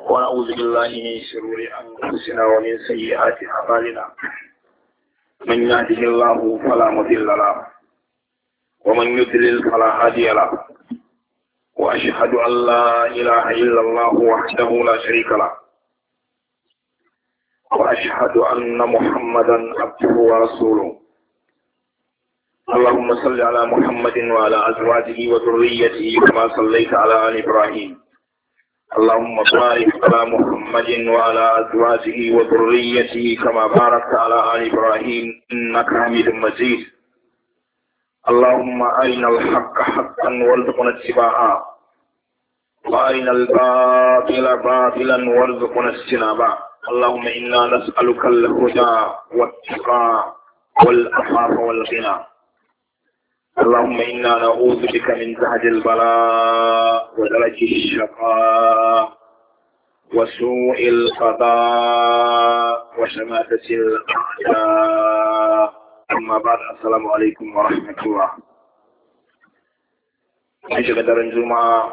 ونعوذ بالله من شرور أنفسنا ومن سيئات أعمالنا من يهده الله فلا مضل له ومن يضلل فلا هادي له وأشهد أن لا إله إلا الله وحده لا شريك له وأشهد أن محمدا عبده ورسوله اللهم صل على محمد وعلى أزواجه وذريته كما صليت على آل إبراهيم اللهم بارك على محمد وعلى أزواجه وذريته كما باركت على آل إبراهيم إنك حميد مجيد اللهم أرنا الحق حقا وارزقنا اتباعه وأرنا الباطل باطلا وارزقنا اجتنابه اللهم إنا نسألك الهدى والتقى والاخاف والغنى اللهم إنا نعوذ بك من زهد البلاء ودرك الشقاء وسوء القضاء وشماتة الأعداء أما بعد السلام عليكم ورحمة الله an shiga daren juma'a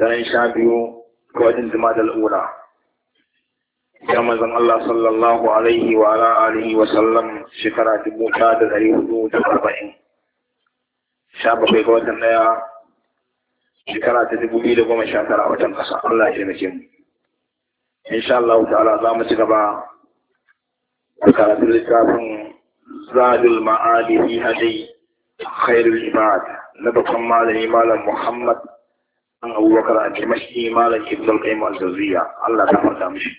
daren sha biyu ga wajen jima'a al'ura ya mazan Allah sallallahu alaihi wa ala alihi wa sallam shekara dubu ɗaya da ɗari hudu da arba'in sha bakwai ga watan daya shekara ta dubu biyu da goma sha tara a watan ƙasa Allah ya nake mu sha Allah ta'ala za mu ci gaba da karatun littafin zadul ma'ali fi hadai khairul ibad na babban malami malam Muhammad an abubakar a dimashi malam ibn al-qayyim al-jawziya Allah ta farka mishi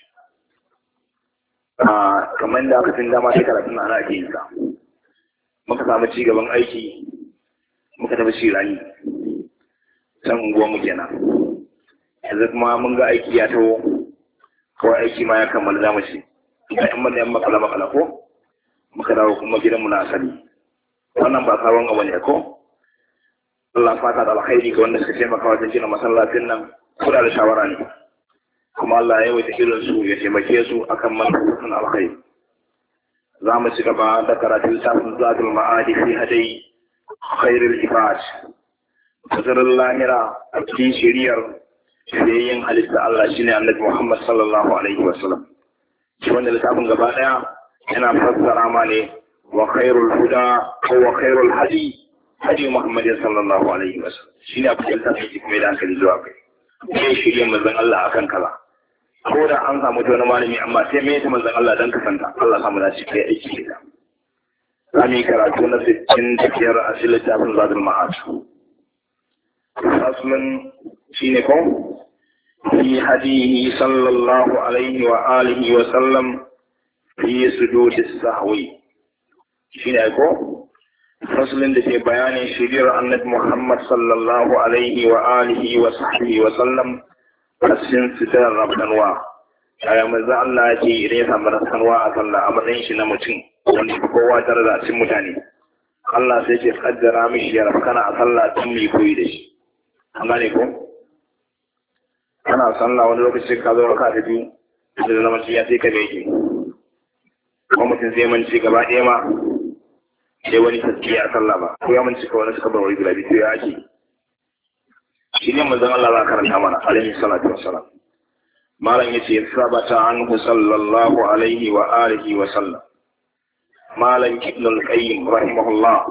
ah, kamar da aka tun dama shekara tun ana ake yin sa muka samu ci gaban aiki muka tafi shi rayu san unguwa mu kenan yanzu kuma mun ga aiki ya taho kawai aiki ma ya kammala za mu ga yan mata yan makala makala ko muka dawo kuma gidan mu na asali wannan ba sabon abu ne ko Allah fata da alkhairi ga wanda suka taimaka wajen gina masallacin nan ko da shawara ne kuma Allah ya yawaita irin su ya taimake su akan manufofin alkhairi za mu ci gaba da karatun littafin zatul ma'adi fi hadayi khairul ibad nasarar lahira a cikin shiriyar shiriyar halitta Allah shine annabi Muhammad sallallahu alaihi wasallam shi wanda littafin gaba daya yana fassara ne wa khairul huda ko wa khairul hadi hadi Muhammad sallallahu alaihi wasallam shine abin da littafin ke kuma da hankali zuwa kai sai shiriyar Allah akan kala? ko da an samu wani malami amma sai me ta manzon Allah dan kasanta Allah samu da shi kai aiki da Sami karatu na sittin da biyar a shi littafin zadin ma'asu. Faslin shi ne ko? Fi hadihi sallallahu alaihi wa alihi wa sallam fi sujudi sahwi. Shi ne ko? Faslin da ke bayanin shirin annabi Muhammad sallallahu alaihi wa alihi wa sahbihi wa sallam a cikin sitarar rabtanwa. Yaya maza Allah ya ce idan ya samu rabtanwa a sallah a matsayin shi na mutum. wani kowa tare da cin mutane Allah sai ke kaddara mishi ya rafa kana a sallah tun mai koyi da shi an gane ko kana sallah wani lokaci ka zo raka da biyu da zama ya sai ka gaje kuma mutum zai manci gaba ɗaya ma sai wani sassi a sallah ba ko ya manci ka wani suka bar wani guda biyu ya ake shi ne mazan Allah za karanta mana alaihi salatu wassalam malam yace ta anhu sallallahu alaihi wa alihi wa sallam مالك ابن القيم رحمه الله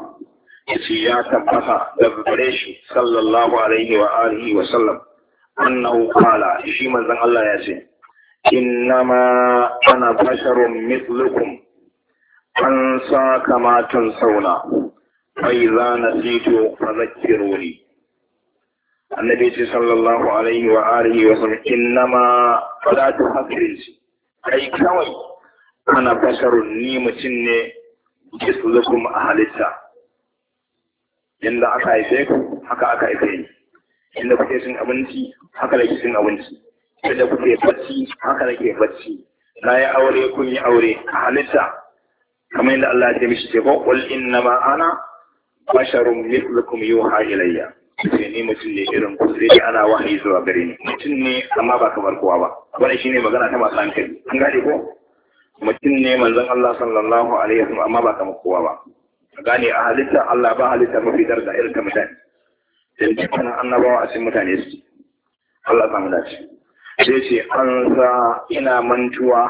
يسياك بها لبريش صلى الله عليه وآله وسلم أنه قال شيما ذن الله ياسين إنما أنا بشر مثلكم أنسى كما تنسونا فإذا نسيت فذكروني النبي صلى الله عليه وآله وسلم إنما فلا تفكرنسي أي كوي أنا بشر نيمة kuke su kuma a halitta yadda aka haife ku haka aka haife ni yadda kuke cin abinci haka nake cin abinci yadda kuke bacci haka ke bacci na yi aure kun yi aure a halitta kamar yadda Allah ya ce mishi ce ko inna ma ana basharun mithlukum yuha ilayya sai ni mutum ne irin ku sai dai ana wahayi zuwa gare ni mutum ne amma ba kamar kowa ba wannan shine magana ta masu hankali an gane ko mutum ne manzon Allah sallallahu alaihi wasallam amma ba kama kowa ba a gane a halitta Allah ba halitta mafi darda irin ta mutane dan dukkan annabawa a cikin mutane su Allah ta dace sai ce an sa ina mantuwa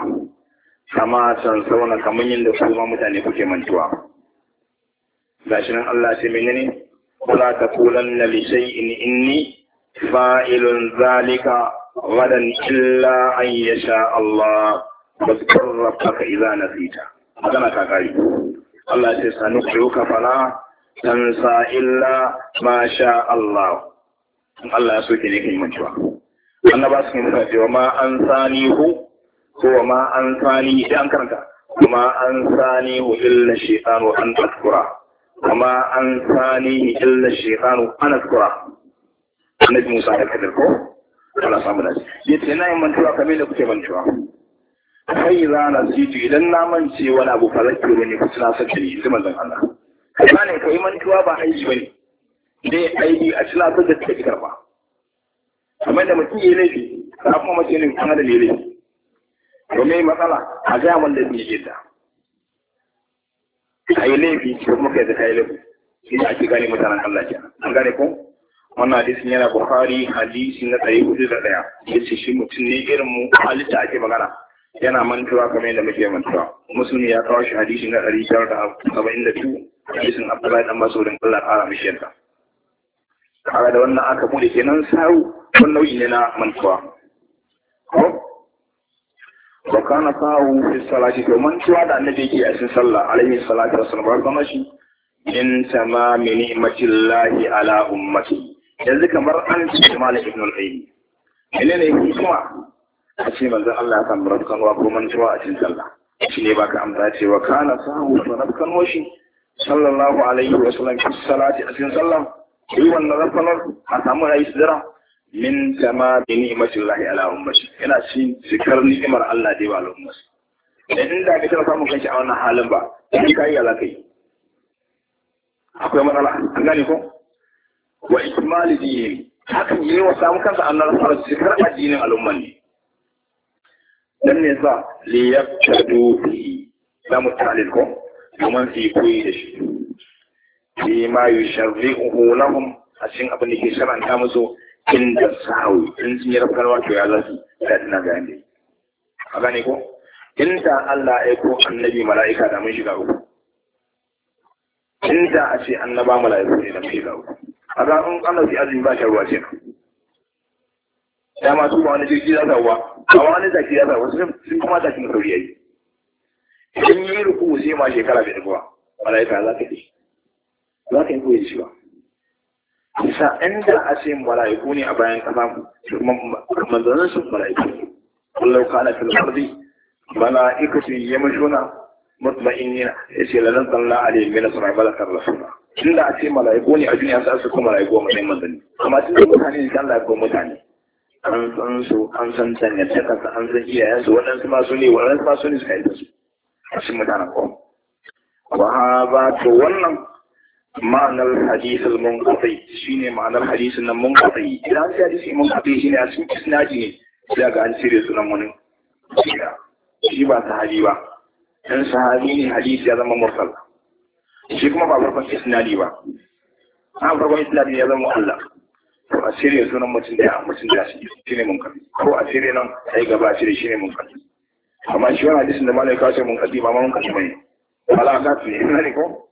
kama san sauna kamar yadda da kuma mutane kuke mantuwa gashi nan Allah ce menene wala taqulanna li shay'in inni fa'ilun zalika غدا إلا أن يشاء Allah. واذكر ربك إذا نسيت magana ta kari Allah ce sani koyo kuyuka fala tansa illa ma sha Allah in Allah ya so ke ne kan mantuwa annaba su nuna cewa ma an sani hu ko ma an sani idan an karanta kuma an sani hu illa shaytanu an tadkura kuma an sani illa shaytanu an tadkura annabi Musa ya kadar ko Allah samu nasi yace na yin mantuwa kamar da kuke mantuwa kai rana situ idan na mance wani abu falakki wani ku tuna sake yi zuma zan Allah kuma ne yi mantuwa ba aiki bane dai aiki a tuna sake da take karba amma da mutum yayi laifi ka kuma mace ne kuma da laifi to me matsala a ga mun da yi ta kai laifi ko kuma kai da kai laifi shi ake gane mutanen Allah kenan an gane ko wannan hadisin yana Bukhari hadisi na 401 yace shi mutum ne irin mu halitta ake magana yana mantuwa kamar yadda muke mantuwa musulmi ya kawo shi hadisi na ɗari biyar da saba'in da biyu hadisin abdullahi dan masaurin allah ƙara mishi yadda kaga da wannan aka bude kenan saru wani nau'i ne na mantuwa wa kana sa'u fi salati to mantuwa da annabi yake a cikin sallah alaihi salatu wassalam ba kuma shi in tamami ni'matillahi ala ummati yanzu kamar an ce malik ibn al-qayyim menene kuma? a ce manzan Allah ya samu rafkanwa ko mantuwa a cikin sallah shi ne baka amsa wa kana sahu wa rafkanwa shi sallallahu alaihi wa sallam fi salati a cikin sallah yi wannan rafkanwar a samu rai sidira min kama bi lahi ala ummati yana cikin cikar ni'imar Allah da yawa al'ummar dan inda ka tara samun kanshi a wannan halin ba kai kai ya zakai akwai matsala an gane ko wa ikmali dini hakan yi wa samu kansa annar farar cikar addinin al'ummar ne dan ne sa li yaqtadu bi la mutalil ko kuma su yi koyi da shi fi ma yusharrihu lahum a cikin abin da ke sharanta musu da sahu in sun yi rafkarwa to ya za su na gane a gane ko da Allah ya ko annabi mala'ika da mun shiga uku In da a ce annaba mala'iku ne da mun shiga uku a ga in kana fi azumi ba shi ruwa ce dama su ba wani jirgi za ta wa a wani zaki ya zai wasu sun kuma zakin sauri ya yi idan yi ruku sai ma shekara bai rukuwa malaika za ka ce za ka yi koyi shi ba bisa inda a ce malaiku ne a bayan kasa manzannin sun malaiku kullum kana fil ardi malaikatu yamshuna mutmainina yace la nan sallallahu alaihi wa sallam malakar rasula tunda a ce malaiku ne a duniya sai su kuma malaiku a matsayin manzanni amma tunda mutane ne kan lafiya mutane an san su an san dangantakar su an san iyayen su waɗansu ma su ne waɗansu ma su ne suka yi da su a cikin mutanen ƙwam wa ba to wannan ma'anar mun hadisul shi ne ma'anar hadisin nan mun munqati idan an ce hadisi shi ne a cikin isnadi ne sai ga an cire sunan wani shi ba sahabi ba dan sahabi ne hadisi ya zama mursal shi kuma ba farkon isnadi ba a farkon isnadi ya zama Allah Ko a sunan mutum da mutum da shi ne munkar ko a shirya nan sai gaba a shirya shi ne munkar amma shi wani hadisin da malai kawo mun kadi ba ma mun kadi bane wala ka su ne ne ko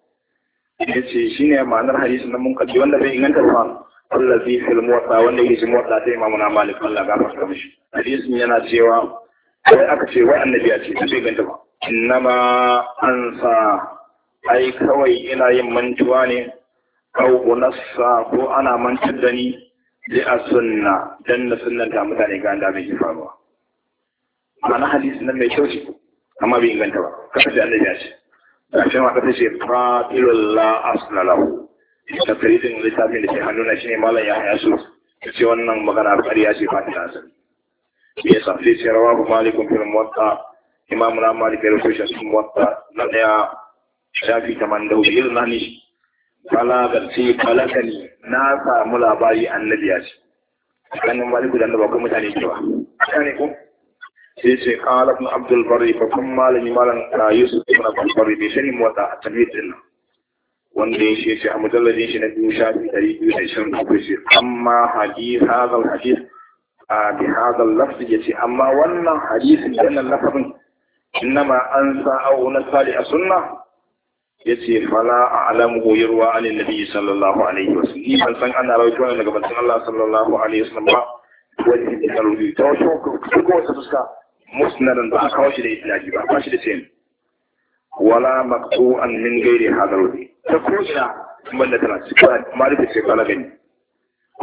yace shine ma'anar hadisin da mun kadi wanda bai inganta ba allazi fil muwatta wanda yake cikin muwatta sai imamu na malik Allah ga fasa mishi hadisin yana cewa sai aka ce wai annabi ya ce bai ganta ba innama ansa ai kawai ina yin mantuwa ne Kau unassa ko ana mantar da ni da a sunna dan na sunnan ta mutane ga da mai faruwa Mana hadisi nan mai kyau ce amma bai inganta ba kafa da Allah ya ce kafin ma kafa ce fatilul la asla lahu littafin da ke hannuna shine malam ya haya su ce wannan magana ƙarya ce fatila Me ya safi ce rawahu malikun fil muwatta imamu na malik ya rufe shi muwatta na daya shafi 84 irin na ne balagarci balagani na samu labari annabi ya ce ganin wani gudan da kuma mutane ke ba ne ku? sai ce kala ibn abdul bari babban malami malam ah, yusuf ibn abdul bari bai sani mota a tamid din wanda ya ce a mujalladin shi na biyu shafi dari biyu da ishirin da bakwai ce amma hadis hadal hadis a ah, bi hadal lafzi ya ce amma wannan hadisin wannan lafazin innama an sa'a'u na sali a sunna Ya ce fala a'lamu yurwa an annabi sallallahu alaihi wasallam ni ban san ana rawaito wannan daga bantan Allah sallallahu alaihi wasallam ba wani ne da rubutu ta wasu ko wasu fuska musnadan ba a kawo shi da itlaqi ba ba shi da sayin wala maqtu'an min ghairi hadha wadi ta ko ina ban da tana cikin ta ce kala gani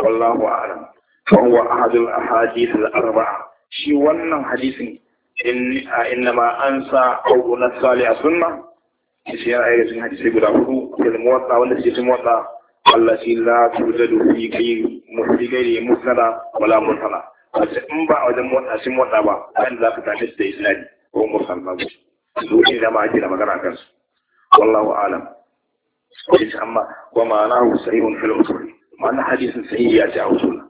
wallahu a'lam fa huwa ahad al ahadith al arba'a shi wannan hadisin in inna ma ansa aw nasa li as-sunnah da shi yana ayyukan hadisai guda hudu da muwatta wanda suke cikin muwatta Allah shi la tujadu fi kai musli gairi musnada wala mursala wace in ba a wajen muwatta sun muwatta ba kan za ka tashi da isnadi ko mursal ba su ne da ma ake da magana kan su wallahu alam shi amma wa ma'anahu sahihun fil usul ma'ana hadisin sahihi ya ce a usul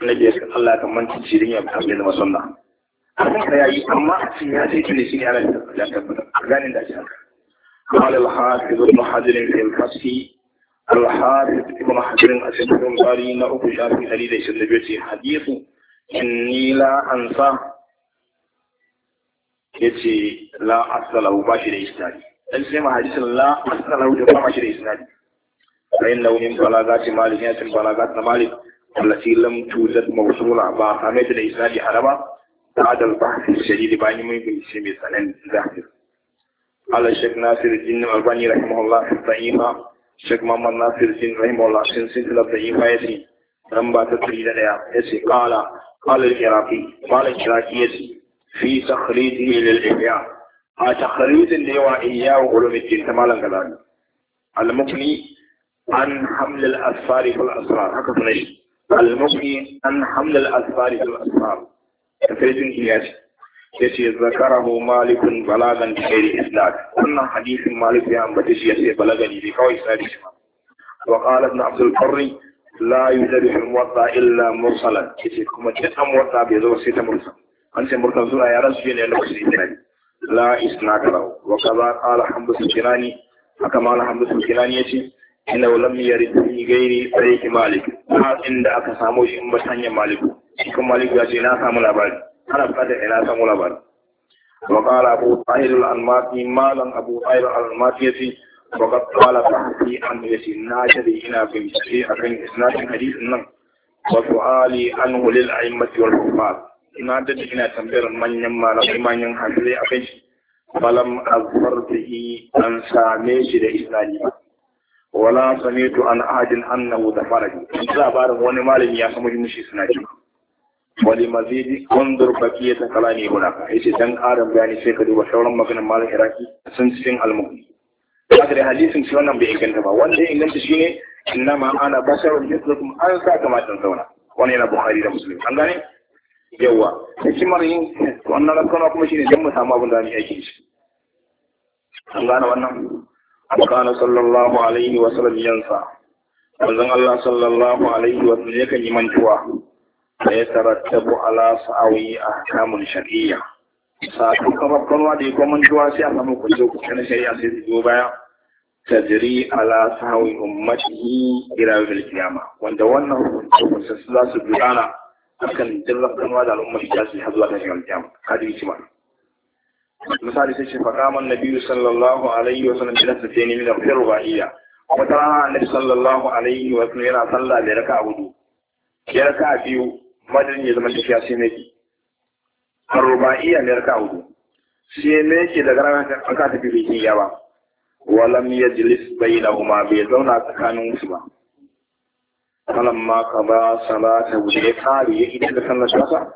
annabi ya Allah kan manci shi din ya kamar zama masunna akan da yayi amma shi ya ce kin shi ne ana da tabbata ganin da shi haka قال الحافظ ابن حجر في الفصي الحافظ ابن حجر اسمه قرين ابو شافي حديث النبي حديث اني لا انسى يتي لا اصل له بشر يستعدي ان سمع حديث لا اصل له بشر يستعدي فإن لو من بلاغات مالك يتم بلاغات مالك التي لم توجد موصولة بأخامات الإسلام عربا بعد البحث الشديد بأن يمكن يسمي سنن ذاكر على الشيخ ناصر الدين الألباني رحمه الله في الضعيفة الشيخ محمد ناصر الدين رحمه الله في السلسلة الضعيفة يسي رمبا تطريد لها يسي قال قال العراقي قال العراقي يسي في تخريجه للإحياء ها آه، تخريج اللي هو إحياء علوم الدين تمالا كذلك المقني عن حمل الأسفار في حقا هكذا المقني عن حمل الأسفار في الأسرار تخريج إحياء yace zakarahu malikun balagan ghairi isnad wannan hadisin malik ya ambace shi ya yace balagani ne kawai sai shi wa qala ibn abdul al-qurri la yudarih al-muwatta illa mursalan yace kuma duk an muwatta bai zo sai ta mursal an ce mursal suna ya rasu ne lokacin da la isnad lahu wa kaza qala hamdu al-kirani haka ma hamdu al-kirani yace inna lam yarid fi ghairi tariq malik ba inda aka samu shi in ba sanya malik shi kuma malik ya ce na samu labari ana bukatar ina samu labarin وقال أبو طاهر الألماتي مالا أبو طاهر الألماتي وقد قال بحثي عن يسناجر هنا في الشريعة من إسناد حديث النم وسؤالي عنه للأئمة والحفاظ ina da ina tambayar manyan malam manyan hankali a kai Malam azfar bihi an same shi da islami wala samitu an ahadin annahu da faraji labarin wani malami ya samu mushi suna wali mazidi undur baqiyata guna huna yace dan karin bayani sai ka duba sauran maganar malam iraki sun cikin almuhi haka da hadisin shi wannan bai inganta ba wanda ya inganta shine innama ana basharun mithlukum an sa kama dan zauna wannan yana bukhari da muslim an gane yawa hikimar yin wannan rakana kuma shine dan mu samu abin da ni aiki shi an gane wannan kana sallallahu alaihi wasallam yansa manzon Allah sallallahu alaihi wa sallam yakan yi mantuwa فيترتب على سعوي أحكام شرعية sakamakon rabban wa da ya kwaman juwa sai a samu kwanzo na shari'a sai su zo baya tajiri ala sahawi wanda wannan su akan din wa da al'ummar da su har ta shigar qiyama kada cima misali sai shafa kaman nabiyyu sallallahu alaihi wa sallam bila satani min akhir rubaiyya wata rana annabi sallallahu alaihi wa sallam yana sallah da raka'a hudu ya biyu madadin ya zama tafiya sai meki iya ne ka hudu sai meki daga ranar an ka tafi bikin yawa walam yajlis bainahuma bai zauna tsakanin su ba ma qada salatahu da ya kare ya idan da sallar sa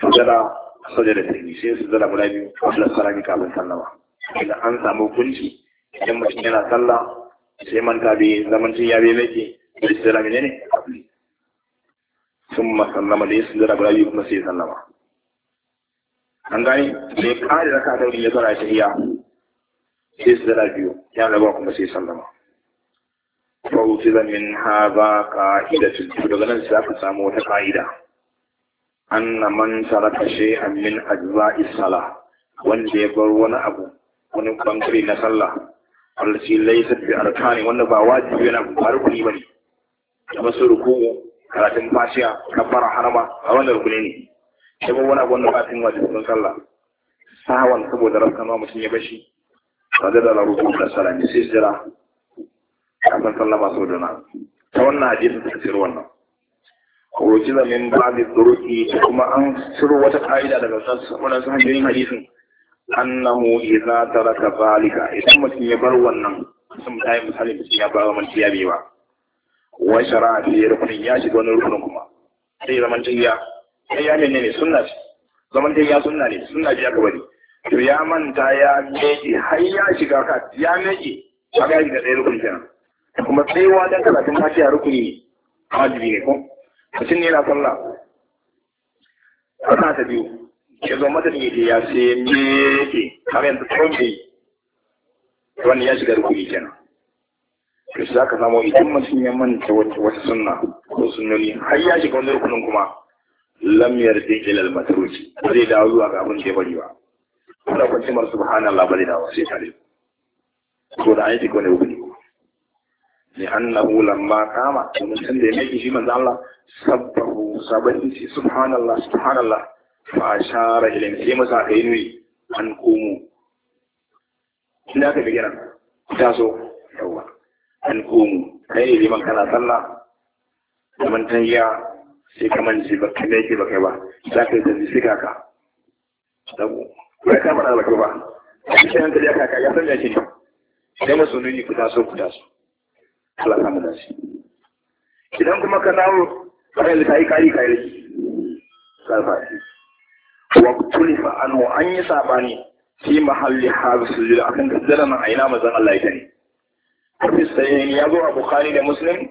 sajada sajada ta yi sai su zara guda biyu wanda sarari kafin sallama idan an samu kunci idan mutum yana sallah sai manta bi zamancin ya bai meke da su zara ne ne ثم سلم ليس لرب ربي ابن سي sallama. an gani da ya kare raka da wani ya zara ta iya sai su zara biyu ya rabu kuma sai sallama fauti da min ha ba ka'ida tun tu daga nan sai aka samu wata ka'ida an na man tsara kashe amin ajiyar Sala, wanda ya bar wani abu wani bangare na sallah wanda shi laisa bi arkani wanda ba wajibi yana faru ne ba ne a masu rukuku karatun fashiya kabbara harama a wannan rukuni ne sai kuma wani abu wanda ba tun wajen sun sallah sawan saboda rafkan ma mutum ya bashi wanda da larubu da sallah ne sai jira kafin sallah ba saboda na ta wannan hadisin ta tsiri wannan roki zamin ba da turuki kuma an ciro wata ka'ida daga wannan sahihin hadisin annahu idza taraka zalika idan mutum ya bar wannan mutum dai misali mutum ya bar wannan ba. wa shara fi rukunin ya shiga wani rukunin kuma sai zaman jiya sai ya menene sunna ce zaman jiya sunna ne sunna ce aka bari to ya manta ya meje har ya shiga ka ya meje a ga da ɗaya rukunin kenan kuma tsayuwa dan karatun fatiha rukuni ne wajibi ne ko mutum ne na sallah raka ta biyu Ke zo mata ne ya sai meje har yanzu tsawon bai wannan ya shiga rukuni kenan to za ka samu idan mutum ya manta wata sunna ko sunnoni har ya shiga wani rukunin kuma lam yarda ila al-matruki zai dawo zuwa ga abin da ya bari ba kuma kwanci mar subhanallah bari zai dawo sai tare ko da ayi ko ne rukuni ne annahu lamma kama mun san da yake shi manzo Allah sabbahu shi subhanallah subhanallah fa ashara ila sai masa kai ne an komo ina ka bigina ta so yawa al'umu kai ne liman kana sallah da mantan ya sai ka manci ba kai yake ba kai ba za ka yi tafi sai kaka dago bai ka mana alaƙar ba a cikin da ya kaka ya san shi ne sai masu nuni ku taso ku taso Allah samu dace idan kuma ka dawo kai da yi kai kai sarfafi wa tulifa anhu an yi saɓani fi mahalli su sujud akan gaddara nan a ina mazan Allah ya ne ya zo a Bukhari da Muslim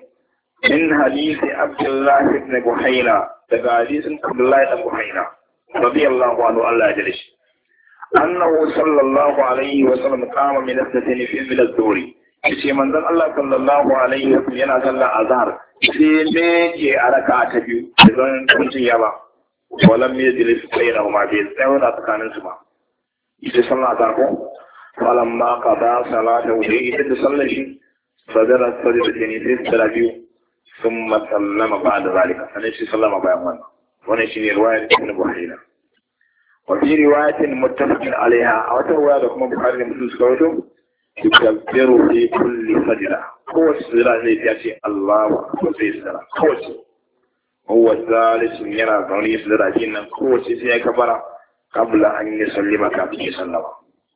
in hadisi Abdullah ibn Buhaina daga hadisin Abdullah ibn Buhaina radiyallahu anhu Allah ya annahu sallallahu alaihi wa sallam qama min fi yace manzon Allah sallallahu alaihi wa sallam yana sallar azhar sai ne ke araka ta biyu idan kuncin ya ba walam yajlis bi tsakanin su yace sallar azhar ko qada sallar shi sadara sadara da ne sai sadara biyu sun masallama ba da zalika sannan shi sallama bayan wannan wannan shi ne ruwayar ibn buhaina wa fi riwayatin muttafaqin alaiha a wata ruwaya da kuma bukhari da muslim suka rawaito yukabbiru fi kulli sadara kowace sadara zai ta ce Allahu akbar sai sadara kowace huwa zalisun yana zaune sadara nan, kowace sai ya kabara qabla an kafin sallama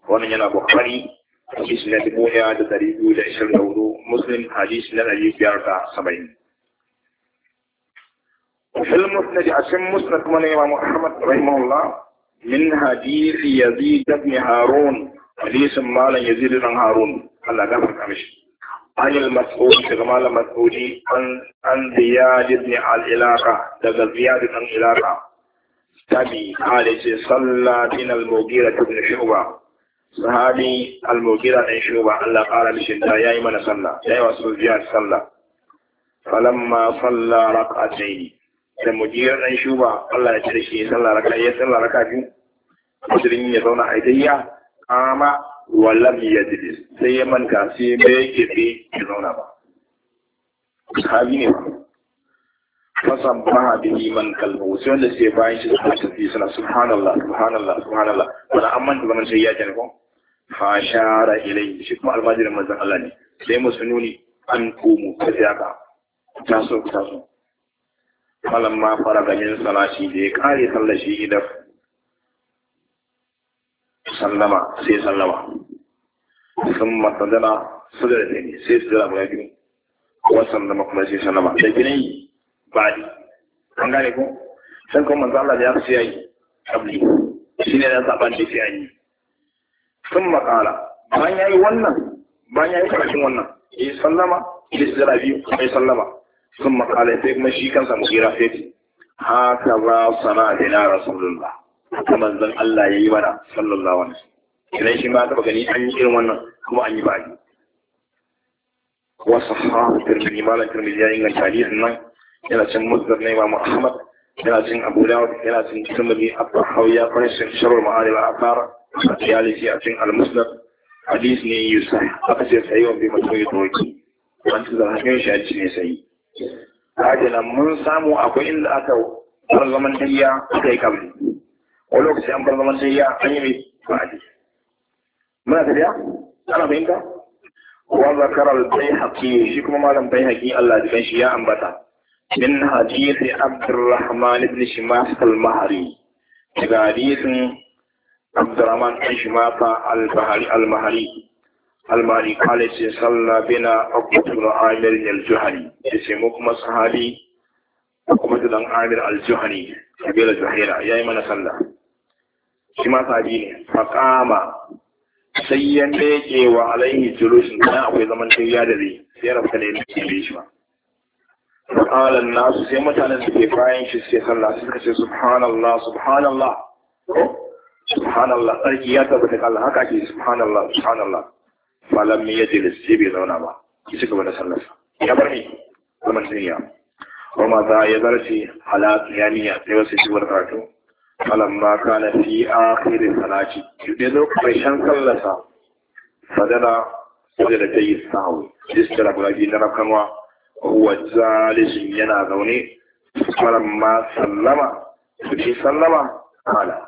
wannan yana bukhari حديث na dubu ɗaya da ɗari biyu da ishirin da hudu muslim hadisi na ɗari biyar da saba'in في المسند عشان مسند من الإمام أحمد رحمه الله من حديث يزيد بن هارون حديث مال يزيد بن هارون الله غفر أمشي عن المسعود شغمال مسعودي عن عن زياد بن العلاقة دغ زياد بن العلاقة تبي قال صلى بنا المغيرة بن شعبة sahabi al-mugira dan shuba Allah ƙara mishi ya yi mana sallah yi wasu ziyar sallah falamma salla rak'atayn da mugira dan shuba Allah ya da shi ya sallah raka ya sallah raka biyu musulmi ya zauna a idayya kama wa lam yajlis sai ya manta sai bai yake bi ya zauna ba sahabi ne ba fasan baha bihi man kalbu sai wanda sai bayan shi su tafi suna subhanallah subhanallah subhanallah wala amman da zaman sai ya jani ko fashara ilai shi kuma almajirin mazan Allah ne sai musu nuni an komo ka tsaka ta so malam ma fara ganin salashi da ya kare sallashi shi idan sallama sai sallama sun matadana sudar da ne sai sudar guda biyu kuma sallama kuma sai sallama da ginin ne. an gane ko sai kuma manzan Allah ya fi yayi ne shi ne da saban da yayi sun makala bayan ya yi wannan bayan ya yi karshen wannan ya yi sallama ya yi sallama biyu ya yi sallama sun makala sai kuma shi kansa mugira feti haka ba sana da na rasulullah haka manzon Allah ya yi mana sallallahu alaihi idan shi ma taba gani an yi irin wannan kuma an yi ba ji wasu hafi turmini malam turmini ya inganta hadisin nan yana cin musdar na imam ahmad yana cin abu dawud yana cin turmini abu hauya farshen sharar ma'arifa a fara a tiyalisi a cikin almusnad hadis ne Yusuf, aka ce sayiwan bai mutum ya doki wanda za a yin shi a cikin sa'i. sayi ajalan mun samu akwai inda aka bar zaman tayya aka yi kabri wani lokaci an bar zaman tayya an yi mai ba'adi muna tafiya ana fahimta wa zakara bai bayhaqi shi kuma malam bai bayhaqi Allah ya shi ya ambata min hadisi abdurrahman ibn shimas al-mahri daga hadisin عبد الرحمن بن شماقة البهري المهري المهري قال صلى بنا عقبة بن عامر الجهني اسمكم صحابي عقبة بن عامر الجهني قبيلة جهيرة يا من صلى شما صحابي ne faqama sai ya leke wa alaihi julushin dan akwai zaman tafiya da zai sai rabta ne ne shi ba faqalan nasu sai mutanen da ke bayan shi sai sallah suka ce subhanallah subhanallah subhanallah sarki ya tabbata Allah haka ake subhanallah subhanallah malam me yaje da sai bai zauna ba ki suka bada sallar ya bar ni zaman duniya wa ma za ya zarce halat yaniya sai wasu shi wani karatu malam ma kana fi a akhir salati idan zo karshen sallar sa fadala fadala tayi sahu istara gurabi na rakanwa huwa jalisin yana zaune malam ma sallama su sallama kala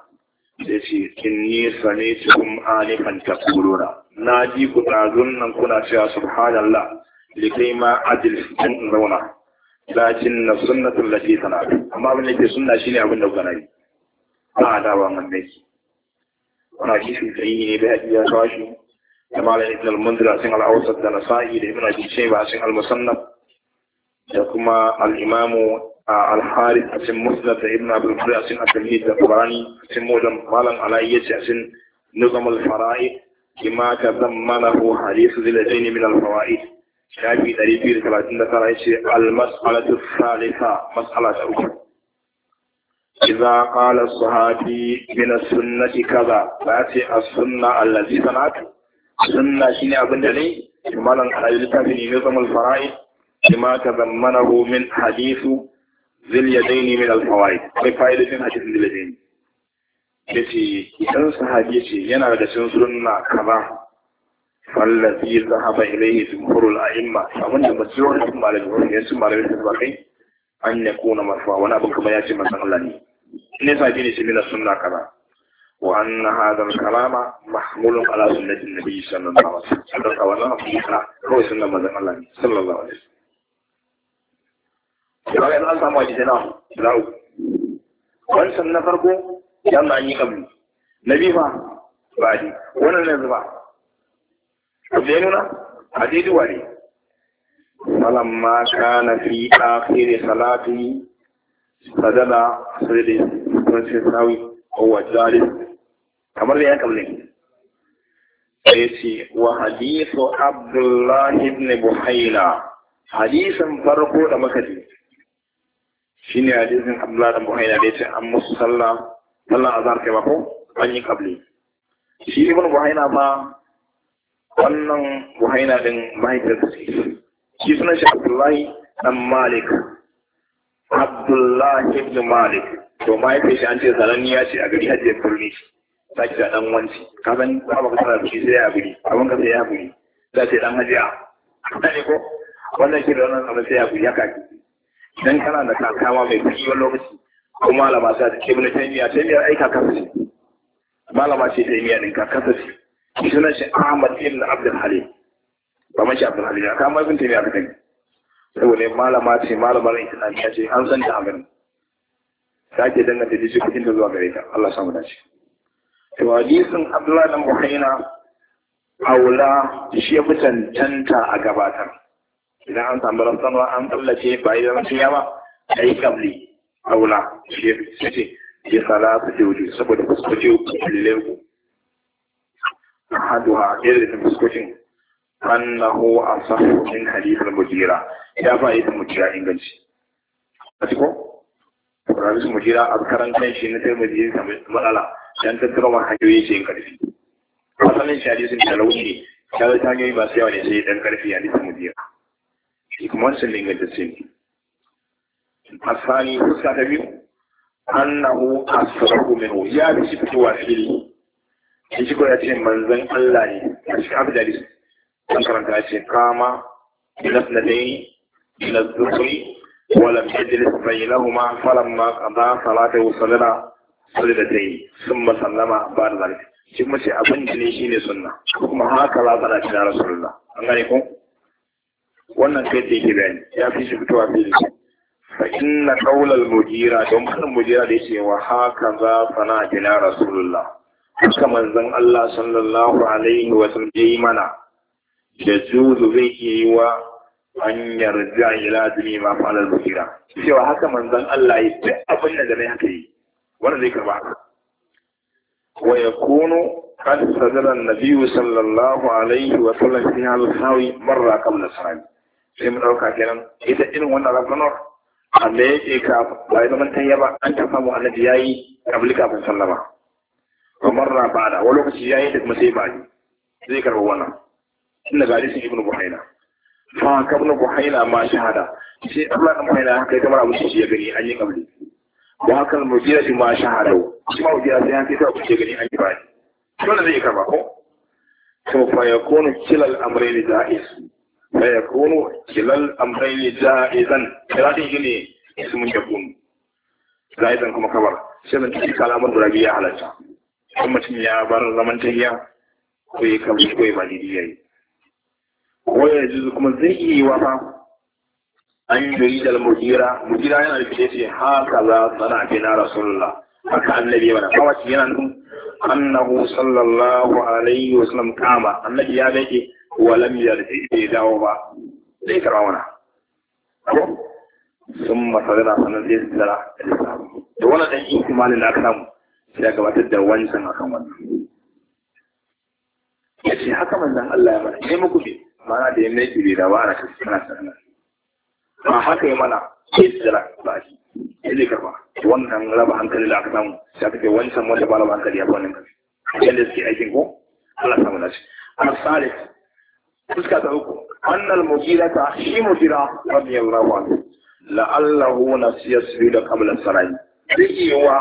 da ce inni sane cikin alifan tafurura na ji ku ɗazun nan kuna cewa subhanallah da kai ma adil cikin zauna lakin na sunnatun lafi sana amma abin da ke sunna shine abin da kuka nayi ba a dawa man da ke wani hadisi sai ne bai haɗi ya kawo shi da malam ibn al-munzir a cikin al-awsat da nasa'i da ibn abi shayba a cikin al-musannaf da kuma al-imamu alhari a cikin musulata ibn abu a cikin akalli da kurani a cikin mojan malam alayya ce a cikin nizamul fara'i kima ka zan mana ko halisu zila jini min alfawa'i ɗari biyu da talatin da tara yace almas'alatu salisa mas'ala ta uku idza qala as-sahabi min as-sunnati kaza ba ce as-sunna allazi sanat sunna shine abin da ne malam alayya ta ne nizamul fara'i kima ka zan mana ko zil yadaini min al-fawaid akwai fa'idodin hadisin zil yadaini yace idan sahabi yace yana da cin sunna kaza fallazi zahaba ilayhi jumhurul a'imma abin da masiyar da malamin ya sun malamin da ba kai an ya kuna marfa wani abin kuma yace ce manzon Allah ne ne sahabi ne shi min sunna kaza wa anna hadha al-kalama mahmulun ala sunnati an-nabi sallallahu alaihi wasallam sallallahu alaihi wasallam kawai sunnan manzon Allah ne sallallahu alaihi wasallam ba ga an samu hadisi na zaru wancan na farko ya ma yi kabli na biyu ma ba ne wannan na zuba da ya nuna a daidai wa ne falamma kana fi akhir salati sadala sadala sai sawi wa jalis kamar da ya kabli sai ce wa hadisu abdullahi ibn buhaila hadisin farko da makadi shine hadisin Abdullah da Muhayyana da yace an musu sallah sallah azhar kai ba ko an yi kabli shi ibn Muhayyana ba wannan Muhayyana din mahaifiyar su shi sunan shi Abdullahi dan Malik Abdullahi ibn Malik to mahaifiyar shi an ce zananniya ce a gari hajjiyar birni ta ki da dan wanci ka san ba ka tsara shi sai ya buri abin ka sai ya buri za ce dan hajiya ne ko wannan shi da wannan abin sai ya buri haka idan kana da kakawa mai kuɗi wani lokaci ko malama ta ce ibn taymiya taymiya ai kakarsa ce malama ce taymiya din kakarsa ce sunan shi Ahmad ibn Abdul Halim ba mashi Abdul Halim ya kama ibn taymiya ka kai wani malama ce malamar islamiyya ce an san ta a garin ta ke danganta da shi kudin da zuwa gare ta Allah samu dace to hadisin Abdullah ibn Buhaina aula shi ya fi cancanta a gabatar idan an samu rafsanwa an tsallace ba idan sun yawa a yi a wula, shi ce ya sala su ce wuce saboda fuskoci kulle ku ahaduha ɗaya da fuskocin annahu a min hadith al-mujira ya fa yi mujira inganci a ciko Rabisu Mujira a karantar shi na yin samu matsala dan tattara wa hanyoyi ce karfi. Asalin shi hadisin da rauni ne, ta hanyoyi masu yawa ne sai dan karfi a Mujira. shi kuma wancan ne ingantacce ne asali fuska ta biyu annahu asrahu minhu ya bi shi fitowa fili in shi ya ce manzon Allah ne a cikin abdali an karanta ya ce kama bilas na dai ma, zurfi ولم يجلس Salina, فلما قضى صلاته Sun صلتين ثم ba da ذلك shi kuma ce abin shi ne shine sunna kuma haka za ta dace na, rasulullah an gane ko wannan kai da yake bayani ya fi shi fitowa fili fa inna qaulal mujira don wannan mujira da yake wa haka za sana bina rasulullah haka manzon Allah sallallahu alaihi wa sallam yayi mana da zuzu zai iya yi wa an yarda ila dini ma fa'al mujira cewa haka manzon Allah yi duk abin da mai haka yi wannan zai karba haka wa yakunu قد صدر النبي صلى الله عليه وسلم في هذا الحاوي مرة قبل الصلاة sai mu ɗauka kenan ita irin wannan rabanar amma ya ce ka ba ya zaman tayya ba an ta samu annabi ya yi kabli kafin sallama kamar na bada wani lokaci ya yi da kuma sai ba yi zai karɓi wannan inda ga hadisin ibnu buhaina fa kabnu buhaina ma shahada sai Allah dan buhaina kai kamar abu shi ya gani an yi kabli wa haka mujira ma shahada shi ma mujira sai an kai abu shi gani an yi ba dole zai karɓa ko to fa yakunu kilal amrayni da'isu fa yakunu kilal amrayni jaizan kiratin shine ismun yakun zaizan kuma kabar sai mun ci kalamar guda biyu ya halatta kuma ya bar zaman tahiya ko ya kabi ko ya bani yayi ko ya juzu kuma zai iya yi wafa an yi da mujira mujira yana da fice ce haka za sana bina rasulullah haka annabi ya bada kawai yana nufin annahu sallallahu alaihi wasallam kama annabi ya dake walam yarji bai dawo ba zai karɓa mana sun masarara sanar zai zara da lissafi da wani ɗan ikimalin da aka samu ya gabatar da wancan akan wannan ya ce haka manzan Allah ya mana ne muku ne mana da yamma yake bai dawa ana kasu kana sanar ba haka ya mana sai zara ba shi ya zai karɓa wannan raba hankali da aka samu sai aka ce wancan wanda ba hankali ya ba wannan kasu yadda suke aikin Allah samu dace. Al-Salih fuska ta uku annal mujira ta shi mujira radiyallahu rawa. la'allahu na nasiya da qabla sarai zai iya wa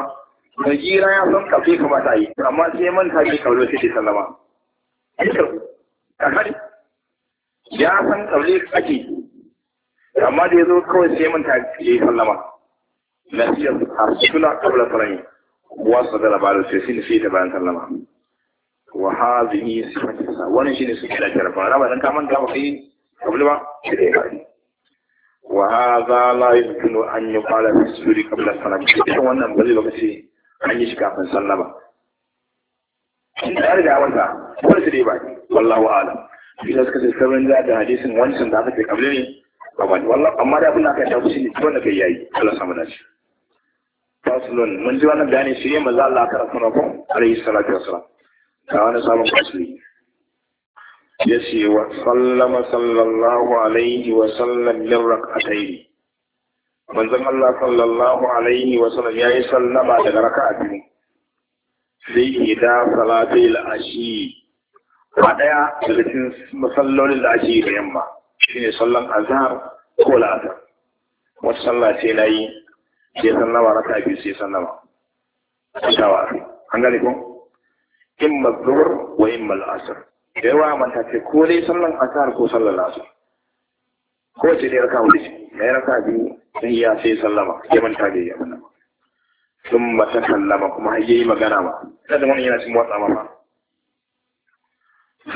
mujira ya san kafe kuma ta yi amma sai man ta yi kawai sai sallama kakari ya san kawai ake amma da ya zo kawai sai man ta yi sallama Na nasiya sujuda qabla sarai wasu da labarin sai sun fi ta bayan sallama wa hadhihi sifatisa wannan shine suke da jarfa raba dan ka manta ba kai kabul ba shine kai wa hadha la yumkinu an yuqala fi suri qabla salam ita wannan ba zai ba kace an yi shi kafin sallah ba da riga wata wani su dai ba wallahu alam shi da suka ce sabon da da hadisin wancan da aka ce kabul ne wallahi amma da abin da aka shafi shine wanda kai yayi Allah samu dace fasulun mun ji wannan bayani shi ne manzo Allah ka rafa rafa alaihi salatu wassalam ga wani samun fasiri ya ce wa sallama sallallahu alaihi wa sallam min rak'atayn manzon Allah sallallahu alaihi wa sallam yi sallama daga raka'a biyu sai ida salatul ashi a ɗaya, daga cikin masallolin da da yamma shine sallan azhar ko la'asar wata sallah ce yi sai sallama raka'a biyu sai sallama an gane kuma. imma zuhur wa imma al'asar da yawa manta ce ko dai sallan asar ko sallan asar ko ce dai raka wuce ya yi raka biyu sun ya sai sallama ya manta da ya manta sun mata sallama kuma ya yi magana ba ina da wani yana cin watsa ma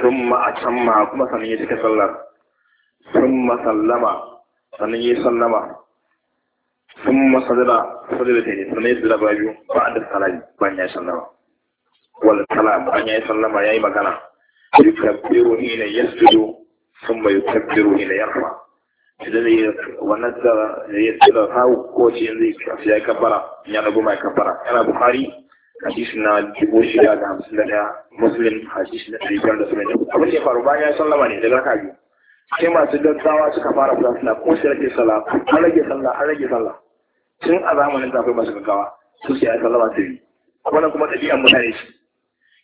sun ma a can ma kuma sannan ya cika sallar sun ma sallama sannan ya sallama sun ma sadara sadara ta ne sannan ya sadara ba biyu ba a da salari ban ya sallama wal salam an yayi sallama yayi magana yukabbiru hina yasjudu thumma yukabbiru hina yarfa idan ya wannan da ya tsira hawo ko shi yanzu ya yi kafara ya na goma ya na dubu shida da hamsin da daya muslim hadisi na ɗari da saba'in abin da ya faru bayan ya sallama ne daga kaji sai masu gaggawa suka fara fita suna ko su rage sallah an rage sallah an rage sallah tun a zamanin da akwai masu gaggawa su sai ya sallama ta yi wannan kuma ɗabi'an mutane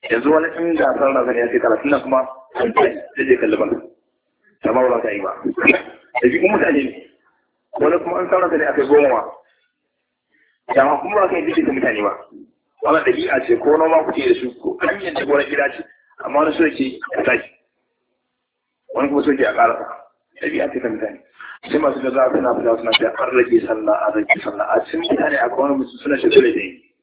yanzu wani in asarar da zai yake talatin nan kuma da je kalli ban ta ba wala ta yi ba da shi kuma mutane ne wani kuma an da ne a kai goma ma dama kuma ba kai jiki da mutane ba wani ɗabi'a ce ko noma kuke da su ko hanyar da gona gida ce amma wani soke a tashi wani kuma soke a ƙarasa ɗabi'a ce ta mutane sai masu da za su suna fita suna fiya an rage sallah an rage sallah a cikin mutane a kawai musu suna shekaru da yi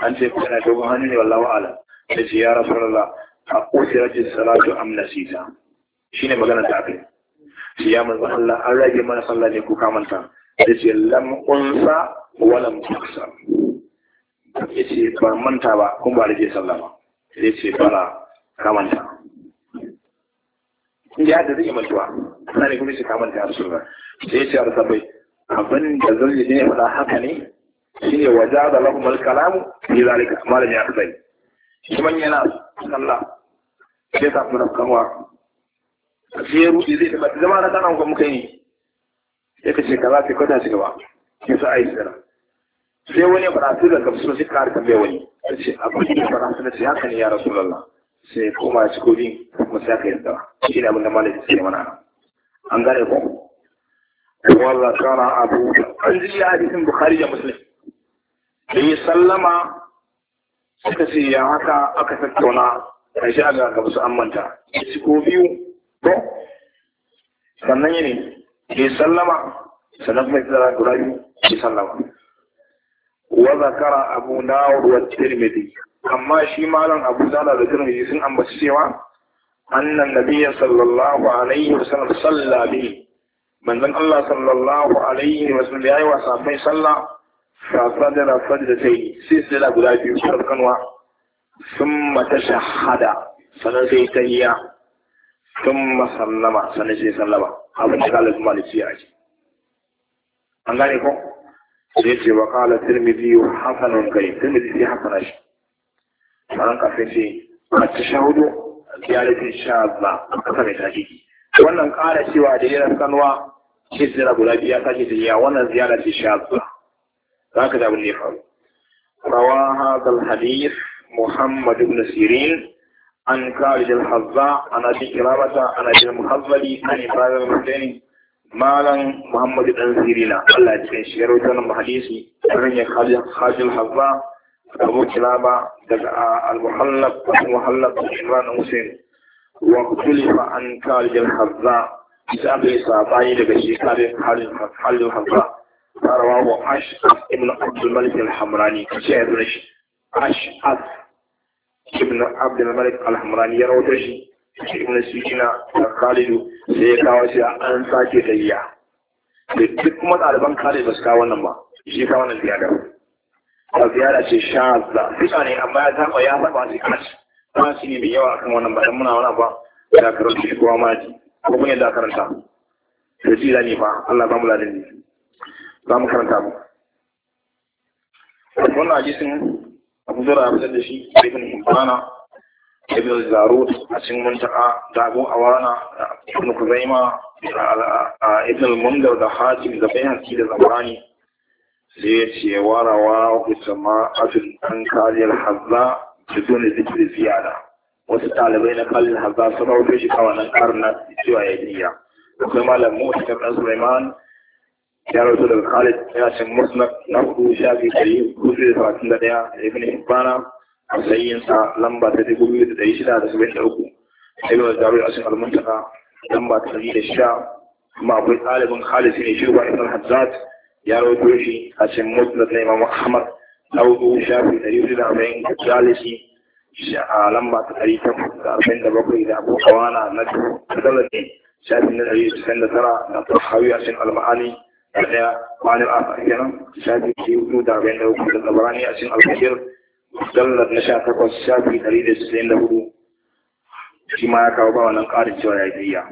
an ce kuma na dogon hannu ne wallawa alam da ce ya rasulallah a kusurajin salatu am nasita shi ne magana ta fi shi ya mazi Allah an rage mana sallah ne kuka kamanta da ce lam'unsa unsa walam ya ce ba manta ba kun ba rage sallah ba ya ce fara kamanta ya da zai mantuwa na ne kuma shi kamanta ya rasu sai ya ce a rasabai abin da zai ne faɗa haka ne ne waje da al-kalamu bi zalika malami ya rasabai liman yana sallah sai ta fara kanwa sai ya rufe zai tabbata zama na kanan kuma muka yi ya ka ce kaza sai kwata shi gaba sai sa ayi sana sai wani fara su da gamsu sai ka tambaye wani ya ce abu ne fara su da ce haka ne ya rasulullah sai koma ya ci kobin kuma sai ka yarda shi ne abin da malamin sai mana an gane ko wallah kana abu an ji hadisin bukhari da muslim da ya sallama suka ce ya haka aka tattauna a shi aga ga su Ya ci ko biyu to sannan ne? ya sallama sannan kuma ya tsara guda biyu ya sallama wa zakara abu na wa tirmidhi amma shi malam abu zana da tirmidhi sun ambaci cewa annan nabiyya sallallahu alaihi wa sallam salla bihi manzon Allah sallallahu alaihi wa sallam yayi wa sallah فصدر صدرتين سلسلة sai في يوسف ثم تشهد سنسي تهيا ثم سلم da سلم هذا قال المالكي أجي an gane ko sai ce wa kala tirmidhi hasanun kai tirmidhi sai hasana shi sanan ka ce a tashahudu sha za. a kasa mai takiki wannan kara cewa da yaran kanwa shi zira guda ya sake ta yiya wannan ziyara ce za. haka da abin da ya faru rawa hada alhadith muhammad ibn sirin an khalid al-hazza an abi kirabata an abi muhazzali an ibrahim al-husaini malan muhammad ibn sirina Allah ya cikin shigar wannan hadisi ranya khalid al-hazza daga al-muhallab واختلف عن خالد الحذاء كتاب إصابعي لبشي خالد الحذاء رواه أشعث ابن عبد ya الحمراني كشاهد رشي أشعث ابن عبد الملك الحمراني يرو رشي ابن سيجنا خالد سيكاو سيا أنسا كتايا duk kuma ɗaliban kare ba su kawo wannan ba shi kawo ziyara ta ziyara ce shazza fita ne amma ya zaɓa ya zaɓa su kashi ba su ne yawa akan wannan ba dan muna wani ba da karanta shi kowa ma ji ko kuma yadda karanta da shi zani fa Allah ba mu za mu karanta mu wannan hadisin abu zura ya da shi ibn hibbana ibn zarut a cikin muntaka da abu awana ibn kuzaima ibn al-mundar da hatim da bayhaqi da zamani sai ya ce warawa usama afin an kariyar hazza da dole zikiri ziyada wasu ɗalibai na kalin hazza sun rauke shi kawanan karnar cewa ya biya akwai malam mu'takar dan suleiman يا رسول الله خالد يا شيخ مسلم نبو نعم، شافي كريم كفر فاتن دنيا ابن حبانا حسين سا لمبا تدي قوي تدي شدا تسبيت لوكو ايوه جابر اسم المنطقه لمبا تدي الشا ما ابو طالب خالد سي يشوف ابن الحزات يا رسول الله حسين مسلم محمد نبو شافي كريم شدا بين جالسي آه، لمبا تدي كم بين ربي ذا ابو قوانا نجو تدلني شافي النبي سيدنا ترى نطرح حوي اسم المعاني daya wani a kenan shafi ke hudu da arba'in da da tsabarani a cikin alfajir dallar na sha takwas shafi ɗari da sittin da hudu shi ya kawo ba wannan ƙarin cewa ya biya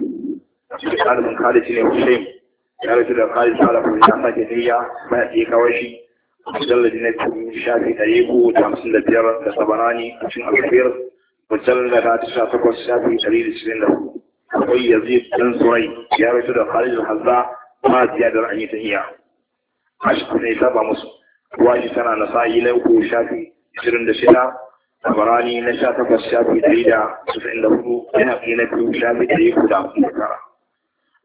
ɗalibin khalid ne hussein ya rasu da khalid ta ya sake niyya ba ya iya kawo shi dallar na shafi ɗari uku da hamsin da biyar da tsabarani a cikin alfajir mujallar na ta da da da ma ziyadar an yi ta iya ashku ne saba musu shi tana na sa'i na uku shafi ishirin da shida tabarani na sha takwas shafi ɗari da sufin da hudu yana fi na biyu shafi ɗari uku da hamsin tara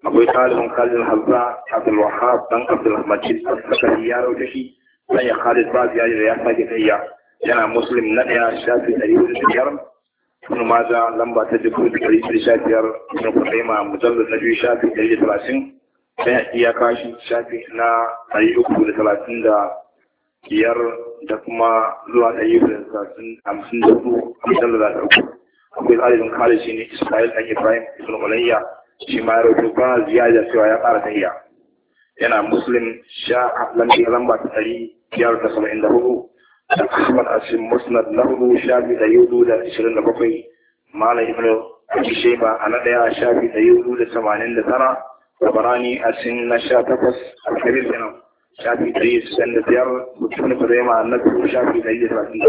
akwai talibin khalil hazza abdul wahab dan abdul majid sakari ya rauta shi dan ya khalid ba ziyadar ya sake tayya yana muslim na ɗaya shafi ɗari hudu da biyar ibn maza lamba ta dubu da ɗari shida sha biyar ibn kudaima mujallar na biyu shafi ɗari da talatin Yana iya kashi shafi na ɗari uku da talatin da biyar da kuma zuwa ɗari uku da talatin hamsin da uku hamsin da zata uku akwai tsarin kare shi ne Isma'il ɗan ibrahim ibn ulayya shi ma ya rubuta ba ziyara cewa ya ƙara tahiya yana muslim sha lambi lamba ta ɗari biyar da saba'in da hudu da ahmad asim musnad na hudu shafi da yudu da ishirin da bakwai malam ibn abi shaiba a na ɗaya shafi da yudu da tamanin da tara تبراني أسن نشاط بس الكبير جنا شاكي تريس سن تيار مكتبن فريما أنك شاكي تريس راكي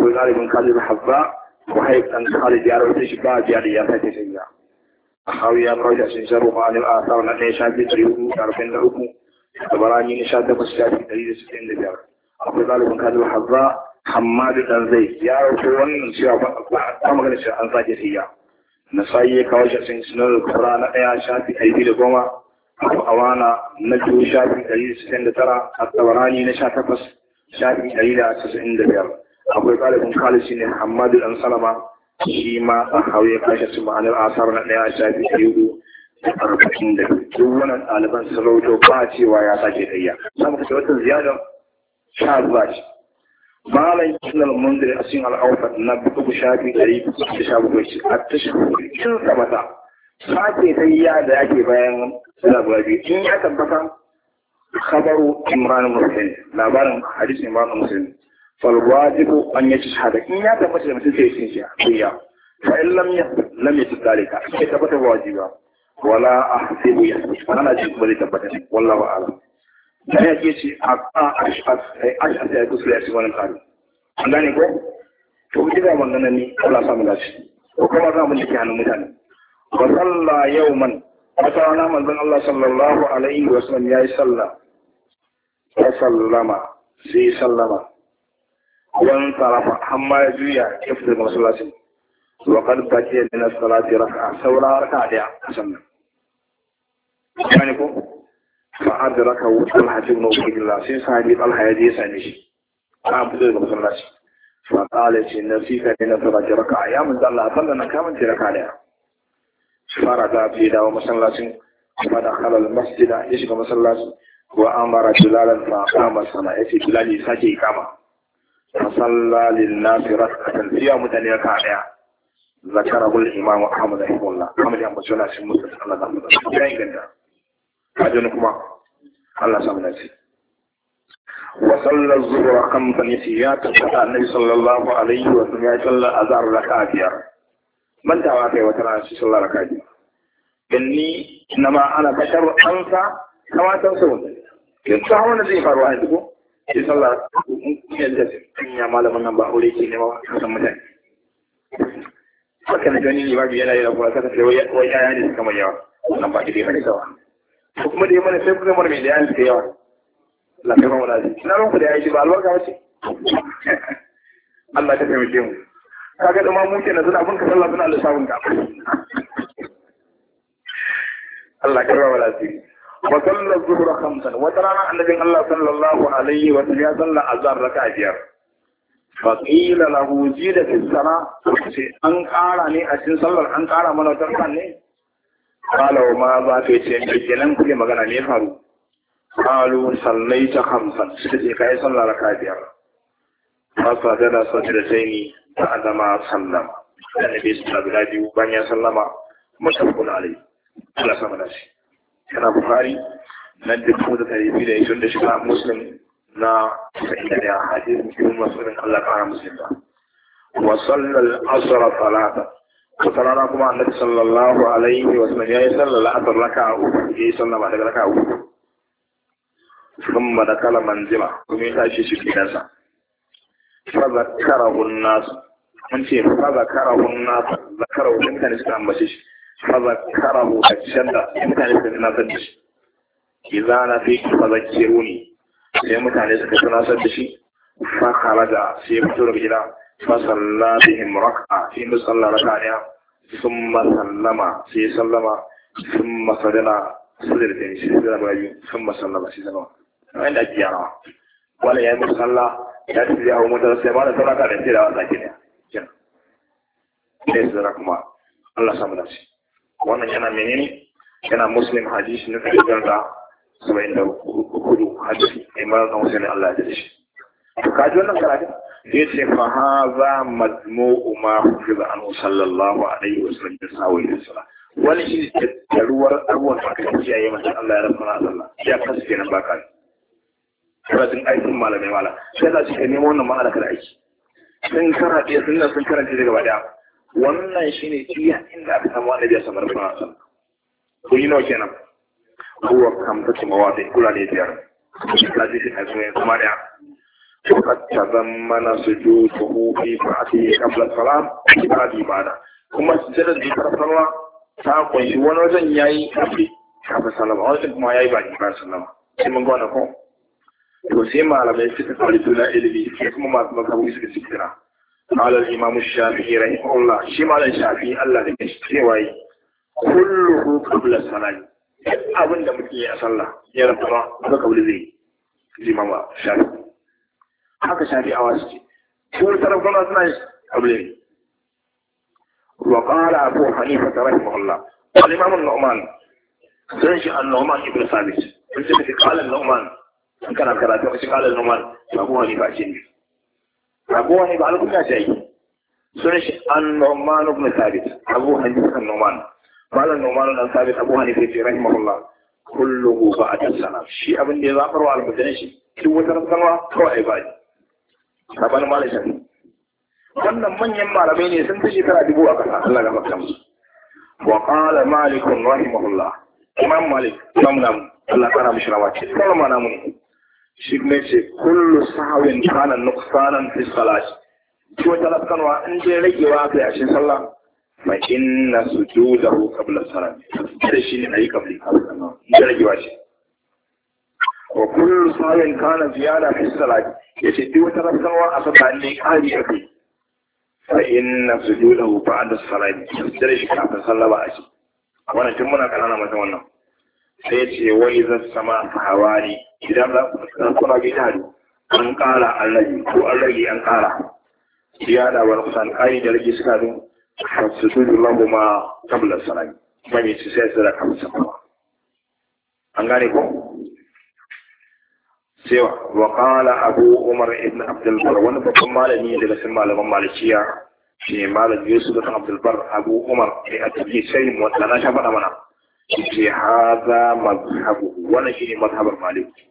وغالي من قادر الحفاء وحيب أن قادر ديار وتشبا ديار ياتي سيجا أخاوي أن رجع سنسر وقال الآثار لأن شاكي تريس شاركين لأكم تبراني نشاط بس شاكي تريس سن تيار وغالي من قادر الحفاء حماد الأنزي ياروكوان سيارة أمغنسي أنزاجي سيجا nasa'i ya kawo shi sun da kura na ɗaya shafi ɗari da goma abu awana na biyu shafi ɗari da sittin da tara a tabarani na sha takwas shafi ɗari da casa'in da biyar akwai ɗalibin kalisi ne hamadu ɗan salama shi ma a hauye kashe su ma'anar asar na ɗaya shafi ɗari hudu da arba'in da biyu duk wannan ɗaliban sarauto ba cewa ya sake ɗaya. Samu kashe wata ziyara sha zuwa ce. malam sunan mundir a cikin al'aukar na bugu shafi ɗari da sha bakwai shi a tashi cikin sabata sake ta yi da ake bayan suna guda in ya tabbata khabaru imran muslim labarin hadisi imran muslim falwajibu an yaci shahada in ya tabbata da mutum sai sun shi a fa in lam ya lam ya tsalika sai tabbata wajiba wala ahsibu ya ana ji ba zai tabbata wallahu a'lam da ya ke ce a ashas ya kusa ya ce an gane ko to ne samu ko kuma za mu mutane salla Allah sallallahu alaihi ya sallama sai sallama wan tarafa amma ya juya ya fita daga masallacin wa qad baqiya min a salati raka'a saura ko fa adraka hu talha ibn ubaydillah sai sahabi talha ya je same shi Ba fito daga masallaci fa qala ce na fi ka na fara raka ya manzo Allah sallan na kaman ce raka da fara da fi dawo masallacin fa da masjida ya shiga masallaci wa amara bilalan fa qama sana yace bilal ya sake ikama fa salla lin nas rak'atan fiya mutane raka daya zakarahu al-imam ahmad rahimahullah kamar yamma sunan sun musa sallallahu alaihi wasallam ya inganta kajin kuma Allah samu nafi wa sallar zuwa kan su ya tabbata annabi sallallahu alaihi wa sallam ya sallar azhar raka biyar mantawa kai wata rana shi sallar raka biyar na nama ana bashar ansa kama san ne. yanzu hawa na zai faru a ko shi sallar yadda ya malamin nan ba wuri ke nema kasan mutane haka na gani ne babu yana yi da kuma saka sai wai yaya ne su kamar yawa wannan ba ki dai mai gawa ko kuma da ya mana sai kuka mana mai da yawa da yawa lafiyar mamu da shi na ranku da ya yi ba albarka wace Allah ta taimake mu kaga da ma mu kenan suna abin ka sallah suna lissafin ka Allah ka rawa lafiya wa salla zuhra khamsan wa tarana annabin Allah sallallahu alaihi wa sallam ya salla azhar raka'a biyar fa qila lahu zida fi sana an kara ne a cikin sallar an kara mana tarkan ne Wa za ka yi ذاك يتين كينان كل magana ne faru Kalu sallai ta قالوا Suka ce ka yi sallar raka'a biyar fasa da da sai da sai ta adama sallama annabi sallallahu alaihi wa ya sallama mutafaqun alai. Allah sama da shi kana bukhari na dubu da tarihi da yake da shiga muslim na sai da ya hadisi muslim Allah ka muslim wa sallal asra Talata. wata rana kuma annabi sallallahu alaihi wa sallam ya yi sallar la'asar raka uku ya yi sallar ba daga raka uku thumma dakala manzila kuma ya tashi shi gidansa fa zakarahu an nasu. an ce fa nasu. an-nas zakarahu mutane suka ambace shi fa zakarahu ashanda mutane suka tunatar da shi Ki zana fi fa ne. sai mutane suka tunatar da shi fa kala da, sai ya daga gida فصلى بهم ركعة في مصلى ركعة ثم سلم في سلم ثم سجد سجد في سي سلم أيو ثم سلم في سلم عند الجيارة ولا يعمل صلى يأتي أو مدرسة ما نترى كان يصير هذا كده كده ليس رقم الله سامدرسي وانا جانا منين جانا مسلم حديث نتكلم عنه سبعين دو حديث إمارة نوسين الله جل شيء كاجوانا كلامه yace fa hadha madmu'u ma hufiza anhu sallallahu alaihi wasallam da sawai da sala wani shi tattaruwar abubuwan da aka ci yayi mata Allah ya rahmana Allah ya kaske nan baka karatun aikin malamai mala sai da shi ne nemo wannan ma'ana da aiki sun sun da sun karanta daga bada wannan shine iya inda aka samu annabi ya samar mana sallallahu kun yi nawa kenan kam ta kuma wa da kula ne biyar kaji shi a cikin kuma da mana su jo su hufi ba a ce salam di bana kuma su jira di karfarwa ta kunshi wani wajen ya yi kafi kafin salama wani sun kuma ya yi ba di bana salama sai mun gwana ko to sai malamai suka kawai tuna ilimi suke kuma masu makarwai suka ci kira kawalar imamu shafi rai allah shi malam shafi allah da kashi cewa yi kullu ku kabla salami abin da mutum ya sallah ya rantama ba kabla zai yi haka shafi a wasu ce. shafi'awa suke sun sarakuna suna aure wa qala abu hanifa rahimahullah wal imam an-nu'man sai shi an-nu'man ibn sabit sai shi qala an-nu'man kana karatu shi qala an-nu'man abu hanifa ce ne abu hanifa al-kuka yi? sai shi an-nu'man ibn sabit abu hanifa an-nu'man qala an-nu'man ibn sabit abu Allah. hanifa rahimahullah a can sana shi abin da ya zafarwa al-mutane shi duk wata rasarwa kawai ba ne sabanin malam shafi wannan manyan malamai ne sun fi shekara dubu a kasa Allah ga makam wa qala malik rahimahullah imam malik imam nam Allah kara mishi rawa ce kuma ma namu ne shi ne ce kullu sahawin kana nuqsanan fi salati ko talafkanwa in je ragewa kai a cikin sallah fa inna sujudahu qabla salam da shi ne ayi qabli sallah in je ragewa ce. wa kullu sa'in kana ziyada fi salati yace duk wata rafsawa a sallah ne kari ake fa inna sujudahu ba'da salati dare shi kafin sallah ba a shi wannan tun muna kanana mata wannan sai yace wa idza sama hawari idan za ku na ga hadu an kara allahi ko allahi an kara ziyada wal kusan kari da rage suka zo fasujudu lahuma qabla salati mai sai sai da kamsa an gane ko cewa wa kala abu umar ibn abdulbar wani babban malami daga cikin malaman malikiya shi malam yusuf ibn abdulbar abu umar ne a cikin sai wanda na shafa da mana ce haza mazhabu wannan shine mazhabar maliki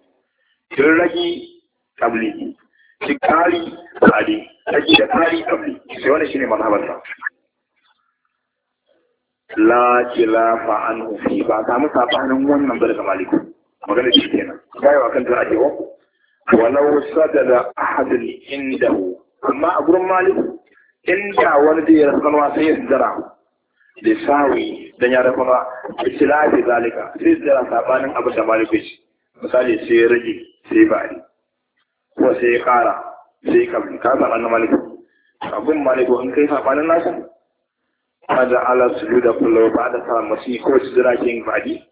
tun ragi tabli shi kari tsari ragi da kari tabli sai wannan shine mazhabar sa la khilafa an fi ba ta mu sabanin wannan da maliki magana shi kenan gaya wa kanta ake wa oh. walau sadada ahadin inda. amma a gurin malik inda wani da ya rafanwa sai ya sidara da sawi dan ya rafanwa istilafi zalika sai sidara sabanin abu da malik ya misali sai ya rage sai ne ko sai ya kara sai ya kabli ka sabanin malik abin malik in kai sabanin nasa ma da ala da kullum ba da sa masu ko ke yin fadi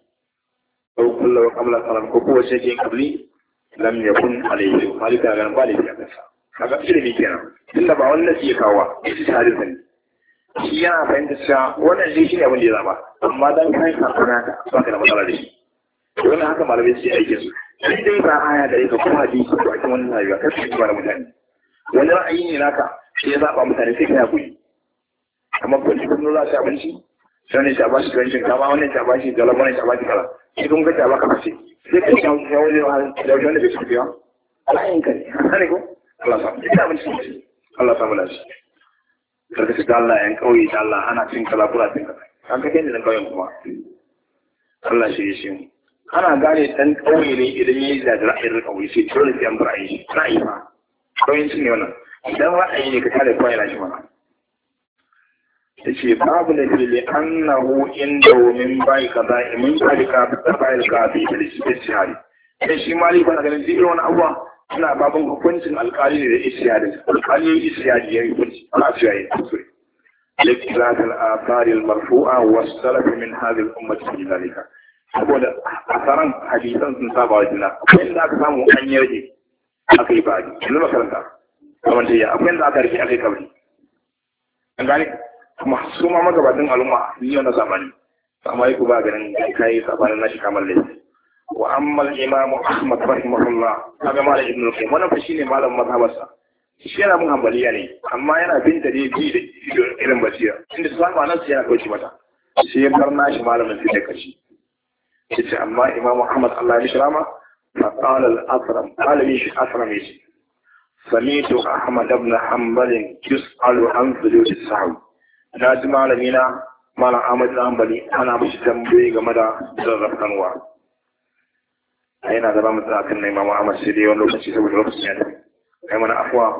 أو كل وقبل صلاة كوكو شيء قبلي lam yakun alayhi malika ga ba laifi a kansa kaga ilimi kenan tunda ba wanda sai kawo shi hadisin ne shi yana fahimta cewa wannan shi shi ne abin da ya zaba amma dan kai karkana ka ba ka da matsala da shi wannan haka malamai sai aikin su duk dai ba aya da ka kuma hadisi ko akan wannan rayuwa kar su ba da mutane wani ra'ayi ne naka sai ya zaba mutane sai ka yaƙuri amma ko shi kun za su abinci sani taba shi bashi tuwon ba wani taba bashi da labarin taba bashi kala shi kun ga ta baka mace sai ka ya wani da wani da shi biya alayin ka ne ko Allah sa ita abin shi Allah sa mu lafi karkashi da Allah yan kauye da Allah ana cin kala kula cin kala an ka kai ne kauyen kuma Allah shi shi mu ana gane dan kauye ne idan yayi da irin kauye sai dole sai an bar ra'ayi ra'ayi ma kauyen shi ne wannan idan ra'ayi ne ka kare kauye shi mana da ce babu da fili an na hu'in da min bai ka za imin kari ka ta bayar ka fi da shi ta shari sai shi ma ba ganin zikirin wani abuwa suna babin hukuncin alkali da isiyadi alkali isiyadi ya yi hukunci ana cewa ya yi kusuri لإدراك الآثار المرفوعة والسلف من هذه الأمة في ذلك. أقول أثرا حديثا سنصابا جنا. أقول لك سامو أن يجي أكي da إنه مثلا كمان هي أقول aka أرجع أكي كبري. أنت kuma su ma magabatin al'umma yau na zamani amma yake ba ganin kai sabanin na kamar laifi wa ammal imam ahmad rahimahullah kaga malam ibnu qayyim wannan fa shine malam mazhabarsa shi yana mun hambaliya ne amma yana bin da dai bi da irin basira inda su samu nan yana kauce mata shi ya bar nashi malamin sai da kashi yace amma imam ahmad Allah ya shirama fa qala al-asram malami shi asram yace sami'tu ahmad ibn hanbal yus'alu an sujud as-sahwi na ji malami na malam Ahmad Zambali ana mashi tambayi game da zarrafanwa yana da bamu tsakan na Imam Ahmad sai dai wani lokaci saboda lokacin ya tafi kai mana afuwa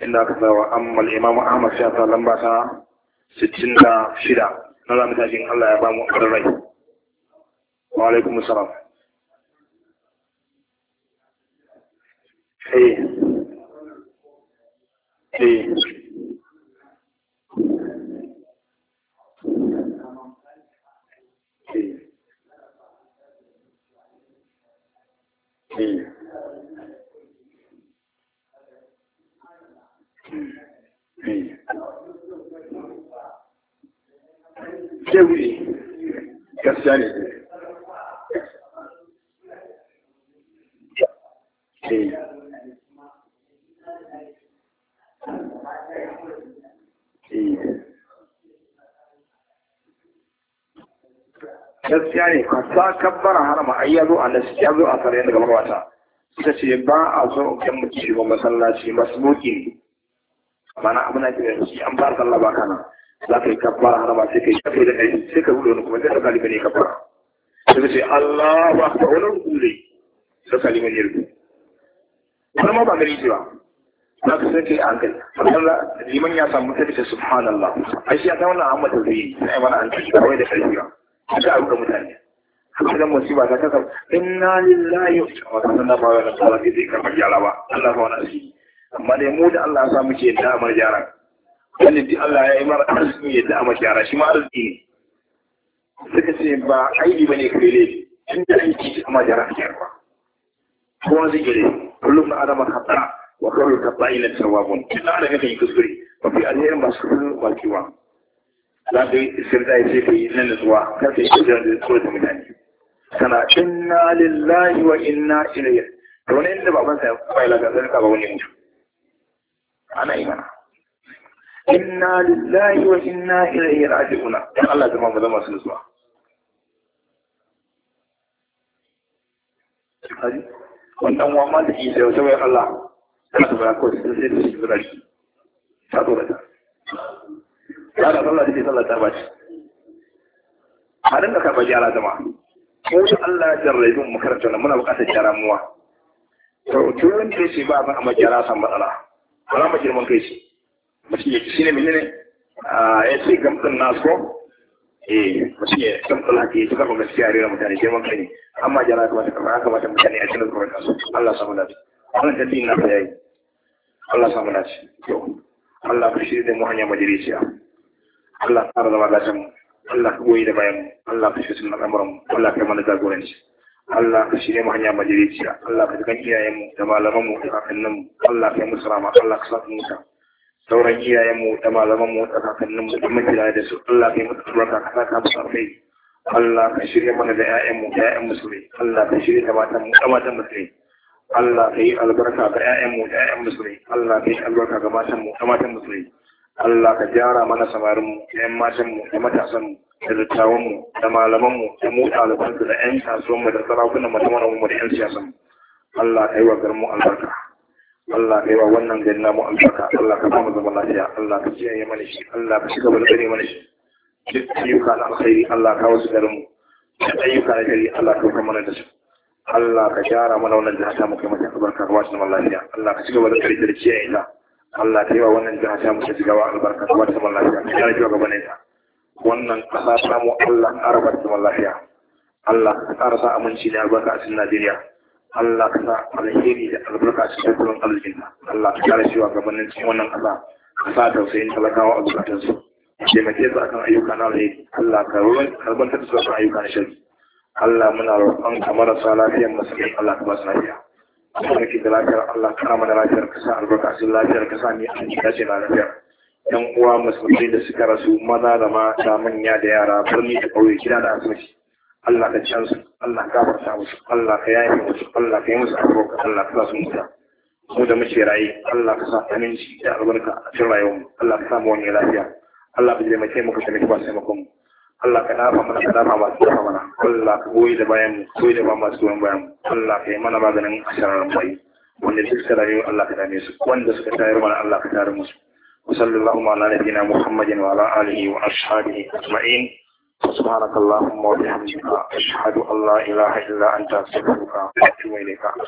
inda aka wa amma Imam Ahmad sai ta lamba ta shida. na zamu tashin Allah ya ba mu rai wa alaikum assalam eh eh hatta kabbara harama ai ya zo a nasu, ya zo a tare daga mawata ita ce ba a so kan mutum ba masallaci masu ne mana abin na ke shi an fara sallah ba kana za ka yi kabbara harama sai ka yi shafe da kai sai ka gudu wani kuma sai ka kalibi ne kabbara sai ka ce Allahu akbar wani rubu ne sai bane kalibi ne wani ma ba gari ce ba za ka sai ka yi hankali wannan liman ya samu ta ka subhanallah ai shi ya ta wannan amma ta zai yi sai mana an ci kawai da kai ba haka a ruka mutane haka dan musiba ta kasa inna lillahi wa inna ilaihi raji'un sai kamar yara ba Allah ba wani asiri amma dai mu da Allah ya sa muke yadda amar yara wanda duk Allah ya yi mara arziki yadda amar yara shi ma arziki ne suka ce ba aibi bane kare ne inda aiki ce amar yara ake yarwa kowa zai gare kullum na adama hatta wa kawai kaɓa ina tawabun tun da ana yi kuskure mafi alherin masu kusurin bakiwa za ka yi sirda ya ce ka yi nan da zuwa kar ka yi kusurin da tsoron mutane kana inna lillahi wa inna ilaihi to ne inda babansa ya faila ga zarka ba wani mutum ana yi mana inna lillahi wa inna ilaihi raji'un dan Allah zama mu zama su zuwa wannan wa ma da shi da wata Allah ta ba ko sai da shi da shi ta dora ta ta da Allah da ta ba shi a rinka ka bayyana jama'a ko Allah ya jarrabe mu makaranta nan muna buƙatar jaramuwa to tun da shi ba ban amma jara san matsala ba mu girman kai shi mutum yake shine menene a ya ce gamsin nasu ko eh mutum ya gamsin haka ya da gaba gaskiya rera mutane girman kai ne amma jara kamata kamar haka mata mutane a cikin tsoron kansu Allah samu lafiya wannan dalilin na fa yayi Allah samu lafiya to Allah ku shirye da mu hanya majalisiya Allah tsara da lafiya mu Allah ka goyi da bayan Allah ka shirya al'amuran Allah ka mana jagoranci Allah ka shirya mu hanya majalisiya Allah ka dukan iyayenmu da malamanmu da mu Allah ka yi musu rama Allah ka sa su mutu sauran iyayenmu da malamanmu da mu da makila da su Allah ka yi musu albarka ka sa ka musu alkhairi Allah ka shirya mana da mu da ƴaƴan musulmi Allah ka shirya da mu da matan musulmi Allah ka yi albarka ga mu da ƴaƴan musulmi Allah ka yi albarka ga mu da matan musulmi Allah ka gyara mana samarinmu da ‘yan matanmu da matasanmu da dattawanmu da malamanmu da mu ɗalibansu da ‘yan kasuwanmu da sarakunanmu da manamanmu da ‘yan siyasanmu. Allah ka yi wa garmu albarka. Allah ka yi wa wannan gari mu albarka. Allah ka ba mu zama lafiya. Allah ka kiyaye mana shi. Allah ka shiga balbare mana shi. Duk ayyuka na alkhairi Allah ka wasu garinmu. Duk ayyuka na gari Allah ka wuka mana da su. Allah ka gyara mana wannan ta mu kai mata albarka ka ba su zama lafiya. Allah ka shiga balbare da kiyaye ta. Allah ta yi wa wannan jiha ta mutu shiga wa albarka kuma ta saman lafiya ta yi wa gabanin ta wannan ƙasa ta mu Allah ƙara ba ta saman lafiya Allah ka ƙara sa aminci da albarka a cikin Najeriya Allah ka sa alheri da albarka a cikin tattalin arzikin ta Allah ka ƙara shi wa gabanin cikin wannan ƙasa ka sa tausayin talakawa a bukatunsu taimake su akan ayyuka na alheri Allah ka karbantar da su akan ayyuka na shari'a Allah muna roƙon kamar sa lafiyar musulmi Allah ka ba su lafiya kuma kake da lafiyar Allah kana mana lafiyar kasa albarkacin lafiyar kasa ne a gida ce lafiyar yan uwa musulmi da suka rasu maza da mata manya da yara birni da ƙauye gida da asibiti Allah ka can su Allah ka barta musu Allah ka yaye musu Allah ka yi musu albarka Allah ka sa su mutu mu da muke raye Allah ka sa aminci da albarka a cikin rayuwar Allah ka sa mu wani lafiya Allah ka je mu taimaka da muke ba sai mu Allah ka dafa mana ka dafa masu dafa mana Allah ka goyi da bayan mu goyi da ba masu goyon bayan mu Allah ka yi mana maganin asharar mai wanda duk suka rayu Allah ka dame su wanda suka tayar mana Allah ka tare musu wa sallallahu ala nabiyyina muhammadin wa ala wa ashabihi asma'in سبحانك اللهم وبحمدك أشهد أن لا إله إلا أنت أستغفرك وأتوب إليك